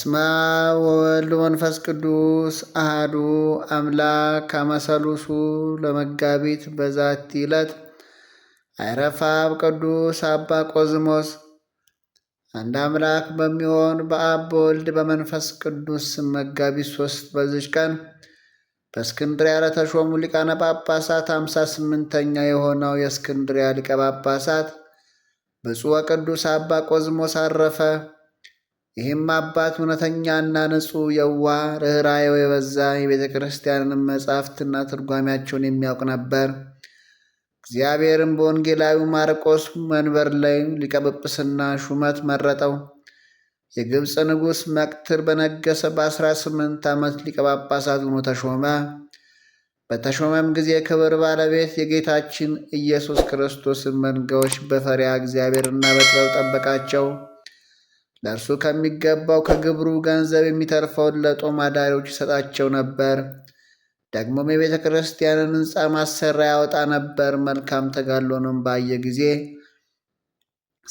በስመ አብ ወወልድ ወመንፈስ ቅዱስ አህዱ አምላክ አመሰሉሱ ለመጋቢት በዛቲ ዕለት አይረፋብ ቅዱስ አባ ቆዝሞስ። አንድ አምላክ በሚሆን በአብ በወልድ በመንፈስ ቅዱስ መጋቢት ሶስት በዚች ቀን በእስክንድሪያ ለተሾሙ ሊቃነ ጳጳሳት አምሳ ስምንተኛ የሆነው የእስክንድሪያ ሊቀ ጳጳሳት ብፁዕ ወቅዱስ አባ ቆዝሞስ አረፈ። ይህም አባት እውነተኛና ንጹሕ የዋ ርኅራኄው የበዛ የቤተ ክርስቲያንንም መጻሕፍትና ትርጓሚያቸውን የሚያውቅ ነበር። እግዚአብሔርም በወንጌላዊ ማርቆስ መንበር ላይ ሊቀ ጵጵስና ሹመት መረጠው። የግብፅ ንጉሥ መቅትር በነገሰ በ18 ዓመት ሊቀ ጳጳሳት ሆኖ ተሾመ። በተሾመም ጊዜ ክብር ባለቤት የጌታችን ኢየሱስ ክርስቶስን መንጋዎች በፈሪያ እግዚአብሔርና በጥበብ ጠበቃቸው። ለእርሱ ከሚገባው ከግብሩ ገንዘብ የሚተርፈውን ለጦም አዳሪዎች ይሰጣቸው ነበር። ደግሞም የቤተ ክርስቲያንን ሕንፃ ማሰራ ያወጣ ነበር። መልካም ተጋሎንም ባየ ጊዜ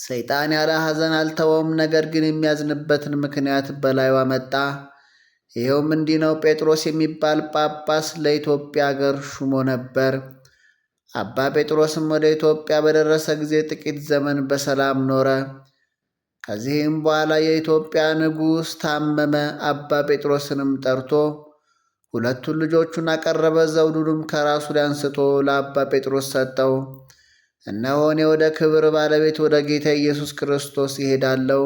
ሰይጣን ያለ ሐዘን አልተወውም፣ ነገር ግን የሚያዝንበትን ምክንያት በላዩ አመጣ። ይኸውም እንዲህ ነው። ጴጥሮስ የሚባል ጳጳስ ለኢትዮጵያ አገር ሹሞ ነበር። አባ ጴጥሮስም ወደ ኢትዮጵያ በደረሰ ጊዜ ጥቂት ዘመን በሰላም ኖረ። ከዚህም በኋላ የኢትዮጵያ ንጉሥ ታመመ። አባ ጴጥሮስንም ጠርቶ ሁለቱን ልጆቹን አቀረበ። ዘውዱንም ከራሱ ላይ አንስቶ ለአባ ጴጥሮስ ሰጠው። እነሆ እኔ ወደ ክብር ባለቤት ወደ ጌታ ኢየሱስ ክርስቶስ ይሄዳለሁ።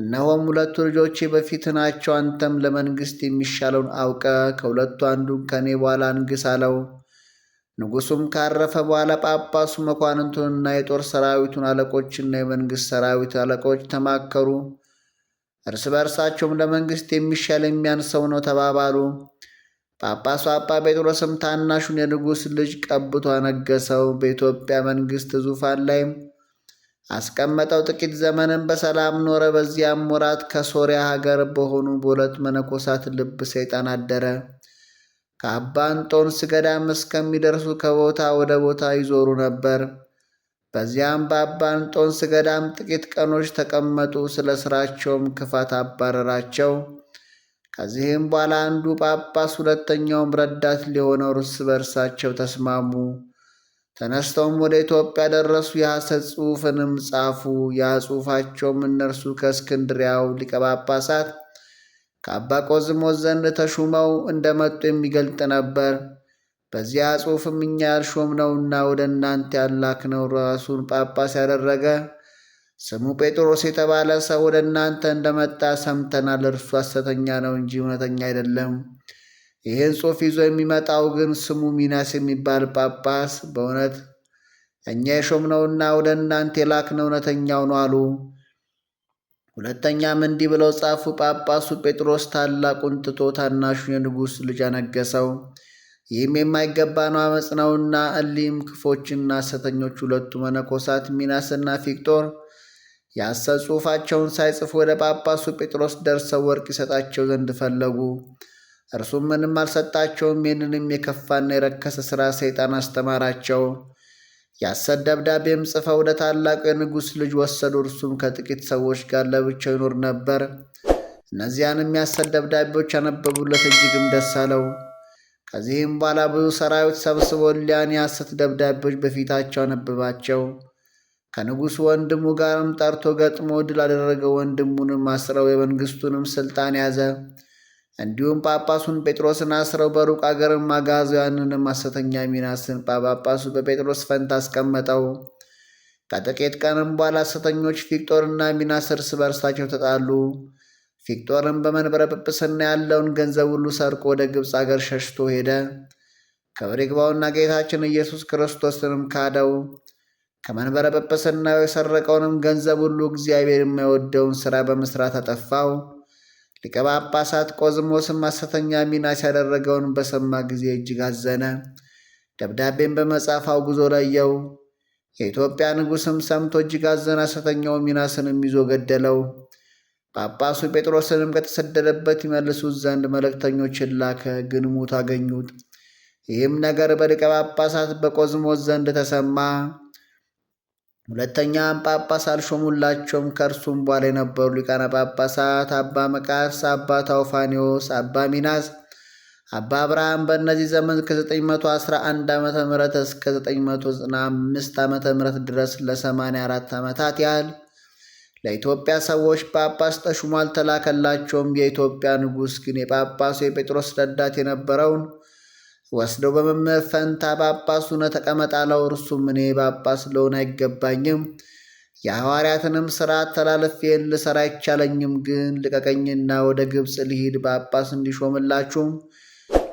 እነሆም ሁለቱ ልጆቼ በፊት ናቸው። አንተም ለመንግሥት የሚሻለውን አውቀ ከሁለቱ አንዱን ከእኔ በኋላ አንግስ አለው። ንጉሱም ካረፈ በኋላ ጳጳሱ መኳንንቱንና የጦር ሰራዊቱን አለቆችና የመንግሥት ሰራዊት አለቆች ተማከሩ። እርስ በእርሳቸውም ለመንግሥት የሚሻል የሚያንሰው ነው ተባባሉ። ጳጳሱ አባ ጴጥሮስም ታናሹን የንጉሥ ልጅ ቀብቶ አነገሰው። በኢትዮጵያ መንግሥት ዙፋን ላይ አስቀመጠው። ጥቂት ዘመንም በሰላም ኖረ። በዚያም ወራት ከሶሪያ ሀገር በሆኑ በሁለት መነኮሳት ልብ ሰይጣን አደረ። ከአባንጦንስ ገዳም እስከሚደርሱ ከቦታ ወደ ቦታ ይዞሩ ነበር። በዚያም በአባንጦንስ ገዳም ጥቂት ቀኖች ተቀመጡ። ስለ ስራቸውም ክፋት አባረራቸው። ከዚህም በኋላ አንዱ ጳጳስ ሁለተኛውም ረዳት ሊሆነው እርስ በርሳቸው ተስማሙ። ተነስተውም ወደ ኢትዮጵያ ደረሱ። የሐሰት ጽሑፍንም ጻፉ። ያ ጽሑፋቸውም እነርሱ ከእስክንድሪያው ሊቀ ጳጳሳት ከአባ ቆዝሞስ ዘንድ ተሹመው እንደመጡ የሚገልጥ ነበር። በዚያ ጽሑፍም እኛ ያልሾምነውና ወደ እናንተ ያላክ ነው ራሱን ጳጳስ ያደረገ ስሙ ጴጥሮስ የተባለ ሰው ወደ እናንተ እንደመጣ ሰምተናል። እርሱ ሐሰተኛ ነው እንጂ እውነተኛ አይደለም። ይህን ጽሑፍ ይዞ የሚመጣው ግን ስሙ ሚናስ የሚባል ጳጳስ በእውነት እኛ የሾምነውና ወደ እናንተ የላክነው እውነተኛው ነው አሉ። ሁለተኛም እንዲህ ብለው ጻፉ። ጳጳሱ ጴጥሮስ ታላቁን ትቶ ታናሹን የንጉሥ ልጅ አነገሰው። ይህም የማይገባ ነው፣ አመፅ ነውና። እሊህም ክፎችና ሐሰተኞች ሁለቱ መነኮሳት ሚናስና ፊቅጦር ያሰ ጽሑፋቸውን ሳይጽፉ ወደ ጳጳሱ ጴጥሮስ ደርሰው ወርቅ ይሰጣቸው ዘንድ ፈለጉ። እርሱም ምንም አልሰጣቸውም። ይህንንም የከፋና የረከሰ ሥራ ሰይጣን አስተማራቸው። የሐሰት ደብዳቤም ጽፈው ወደ ታላቅ የንጉሥ ልጅ ወሰዱ። እርሱም ከጥቂት ሰዎች ጋር ለብቻው ይኖር ነበር። እነዚያንም የሐሰት ደብዳቤዎች ያነበቡለት እጅግም ደስ አለው። ከዚህም በኋላ ብዙ ሰራዊት ሰብስቦ ሊያን የሐሰት ደብዳቤዎች በፊታቸው አነብባቸው። ከንጉሥ ወንድሙ ጋርም ጠርቶ ገጥሞ ድል አደረገ። ወንድሙንም አስረው የመንግሥቱንም ሥልጣን ያዘ። እንዲሁም ጳጳሱን ጴጥሮስን አስረው በሩቅ አገር አጋዞያንንም ሐሰተኛ ሚናስን ጳጳሱ በጴጥሮስ ፈንታ አስቀመጠው። ከጥቂት ቀንም በኋላ ሐሰተኞች ፊቅጦርና ሚናስ እርስ በርሳቸው ተጣሉ። ፊቅጦርም በመንበረ ጵጵስና ያለውን ገንዘብ ሁሉ ሰርቆ ወደ ግብፅ አገር ሸሽቶ ሄደ። ክብር ይግባውና ጌታችን ኢየሱስ ክርስቶስንም ካደው። ከመንበረ ጵጵስናው የሰረቀውንም ገንዘብ ሁሉ እግዚአብሔር የማይወደውን ሥራ በመሥራት አጠፋው። ሊቀ ጳጳሳት ቆዝሞስም ሐሰተኛ ሚናስ ያደረገውን በሰማ ጊዜ እጅግ አዘነ። ደብዳቤን በመጻፍ ጉዞ ለየው። የኢትዮጵያ ንጉሥም ሰምቶ እጅግ አዘነ። ሐሰተኛው ሚናስንም ይዞ ገደለው። ጳጳሱ ጴጥሮስንም ከተሰደደበት ይመልሱት ዘንድ መልእክተኞችን ላከ፣ ግን ሙት አገኙት። ይህም ነገር በሊቀ ጳጳሳት በቆዝሞስ ዘንድ ተሰማ። ሁለተኛም ጳጳስ አልሾሙላቸውም። ከእርሱም በኋላ የነበሩ ሊቃነ ጳጳሳት አባ መቃርስ፣ አባ ታውፋኒዎስ፣ አባ ሚናስ፣ አባ አብርሃም በእነዚህ ዘመን ከ911 ዓ ም እስከ 995 ዓ ም ድረስ ለ84 ዓመታት ያህል ለኢትዮጵያ ሰዎች ጳጳስ ተሹሞ አልተላከላቸውም። የኢትዮጵያ ንጉሥ ግን የጳጳሱ የጴጥሮስ ረዳት የነበረውን ወስደው በመምህር ፈንታ ጳጳስ ሆነ ተቀመጥ አለው። እርሱም እኔ ጳጳስ አይገባኝም፣ የሐዋርያትንም ሥርዓት ተላልፌ ልሰራ አይቻለኝም። ግን ልቀቀኝና ወደ ግብፅ ልሂድ ጳጳስ እንዲሾምላችሁም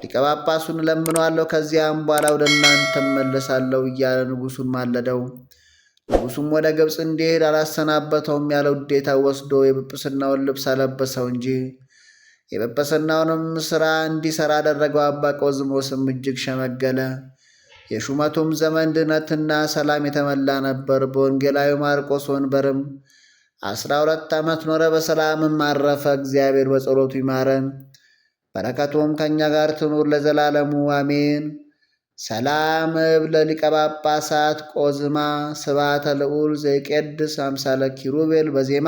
ሊቀ ጳጳሱን እለምነዋለሁ። ከዚያም በኋላ ወደ እናንተ መለሳለሁ እያለ ንጉሱን ማለደው። ንጉሱም ወደ ግብፅ እንዲሄድ አላሰናበተውም። ያለ ውዴታ ወስዶ የጵጵስናውን ልብስ አለበሰው እንጂ የጵጵስናውንም ሥራ እንዲሠራ አደረገው። አባ ቆዝሞስም እጅግ ሸመገለ። የሹመቱም ዘመን ድነትና ሰላም የተመላ ነበር። በወንጌላዊ ማርቆስ ወንበርም አስራ ሁለት ዓመት ኖረ፣ በሰላምም አረፈ። እግዚአብሔር በጸሎቱ ይማረን፣ በረከቱም ከእኛ ጋር ትኑር ለዘላለሙ አሜን። ሰላም እብ ሊቀ ጳጳሳት ቆዝማ ስባተ ልዑል ዘይቄድስ አምሳለ ኪሩቤል በዜማ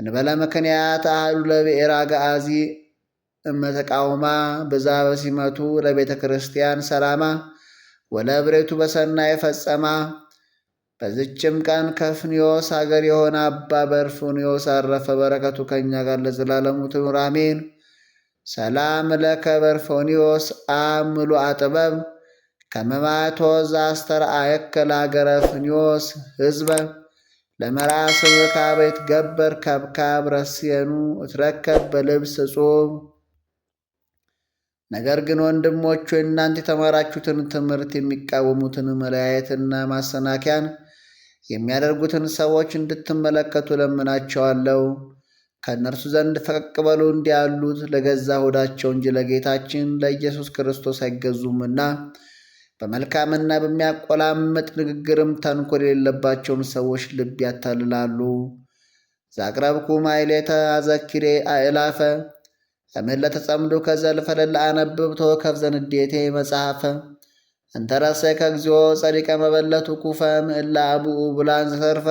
እንበለ ምክንያት አህሉ ለብኤራ ገአዚ እመተቃውማ ብዛ በሲመቱ ለቤተ ክርስቲያን ሰላማ ወለብሬቱ በሰናይ ፈጸማ። በዝችም ቀን ከፍንዮስ አገር የሆነ አባ በርፎኒዮስ አረፈ። በረከቱ ከእኛ ጋር ለዘላለሙ ትኑር አሜን። ሰላም ለከ በርፎኒዮስ አምሉ አጥበብ ከመማቶ ዘአስተርአየከ ለአገረ ፍንዮስ ህዝበ ለመራስብካ ገበር ከብካብ ረስየኑ እትረከብ በልብስ እጹብ። ነገር ግን ወንድሞቹ እናንተ የተማራችሁትን ትምህርት የሚቃወሙትን መለያየትና ማሰናከያን የሚያደርጉትን ሰዎች እንድትመለከቱ ለምናቸዋለሁ። ከእነርሱ ዘንድ ፈቀቅ በሉ እንዲያሉት ለገዛ ሆዳቸው እንጂ ለጌታችን ለኢየሱስ ክርስቶስ አይገዙምና በመልካምና በሚያቆላምጥ ንግግርም ተንኮል የሌለባቸውን ሰዎች ልብ ያታልላሉ። ዛቅረብኩ ማይሌተ አዘኪሬ አእላፈ እምህለተ ጸምዱ ከዘልፈለለ አነብብ ተወከፍ ዘንዴቴ መጽሐፈ እንተረሰ እግዚኦ ጸሪቀ መበለቱ ኩፈ ምእላ አቡኡ ብላን ዘተርፈ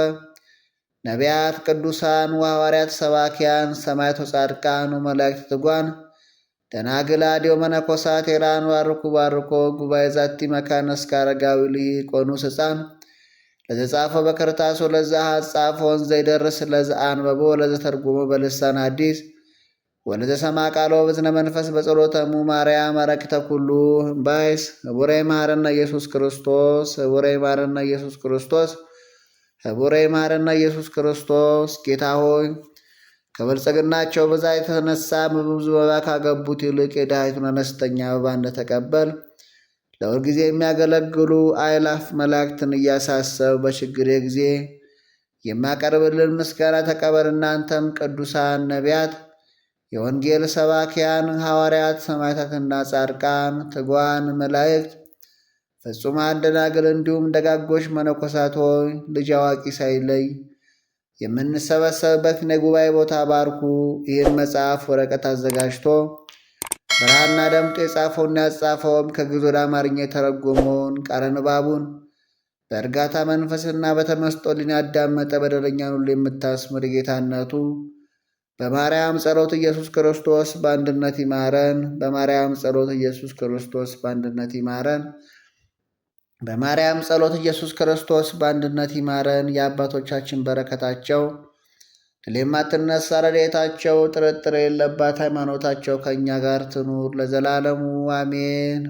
ነቢያት ቅዱሳን ወሐዋርያት ሰባኪያን ሰማዕታት ጻድቃን መላእክት፣ ትጓን ደናግላዲዮ መነኮሳት የራን ባርኩ ባርኮ ጉባኤ ዛቲ መካነ እስከ አረጋዊ ሊቆኑስ ሕፃን ለዘጻፈው በከርታስ ለዛ ጻፎን ዘይደርስ ለዛ አንበቦ ለዘ ተርጉሞ በልሳን አዲስ ወለዘ ሰማ ቃሎ በዝነ መንፈስ በጸሎተሙ ማርያም አረክተ ኩሉ ባይስ ህቡረ ማረነ ኢየሱስ ክርስቶስ ህቡረ ማረነ ኢየሱስ ክርስቶስ ህቡረ ማረነ ኢየሱስ ክርስቶስ ጌታ ሆይ ከብልጽግናቸው በዛ የተነሳ ብዙ መባ ካገቡት ይልቅ የድሃይቱን አነስተኛ መባ እንደተቀበል ለሁልጊዜ የሚያገለግሉ አእላፍ መላእክትን እያሳሰብ በችግሬ ጊዜ የማቀርብልን ምስጋና ተቀበል። እናንተም ቅዱሳን ነቢያት፣ የወንጌል ሰባኪያን ሐዋርያት፣ ሰማዕታትና ጻድቃን፣ ትጓን መላእክት፣ ፍጹማን ደናግል እንዲሁም ደጋጎች መነኮሳት ሆይ ልጅ አዋቂ ሳይለይ የምንሰበሰብበትን የጉባኤ ቦታ ባርኩ። ይህን መጽሐፍ ወረቀት አዘጋጅቶ ብርሃና ደምጦ የጻፈውና ያጻፈውም ከግዕዝ ወደ አማርኛ የተረጎመውን ቃለ ንባቡን በእርጋታ መንፈስና በተመስጦ ሊን ያዳመጠ በደለኛን ሁሉ የምታስምር ጌታነቱ በማርያም ጸሎት ኢየሱስ ክርስቶስ በአንድነት ይማረን። በማርያም ጸሎት ኢየሱስ ክርስቶስ በአንድነት ይማረን። በማርያም ጸሎት ኢየሱስ ክርስቶስ በአንድነት ይማረን። የአባቶቻችን በረከታቸው ሌማትነሳ የማትነሳ ረድኤታቸው ጥርጥር የለባት ሃይማኖታቸው ከእኛ ጋር ትኑር ለዘላለሙ አሜን።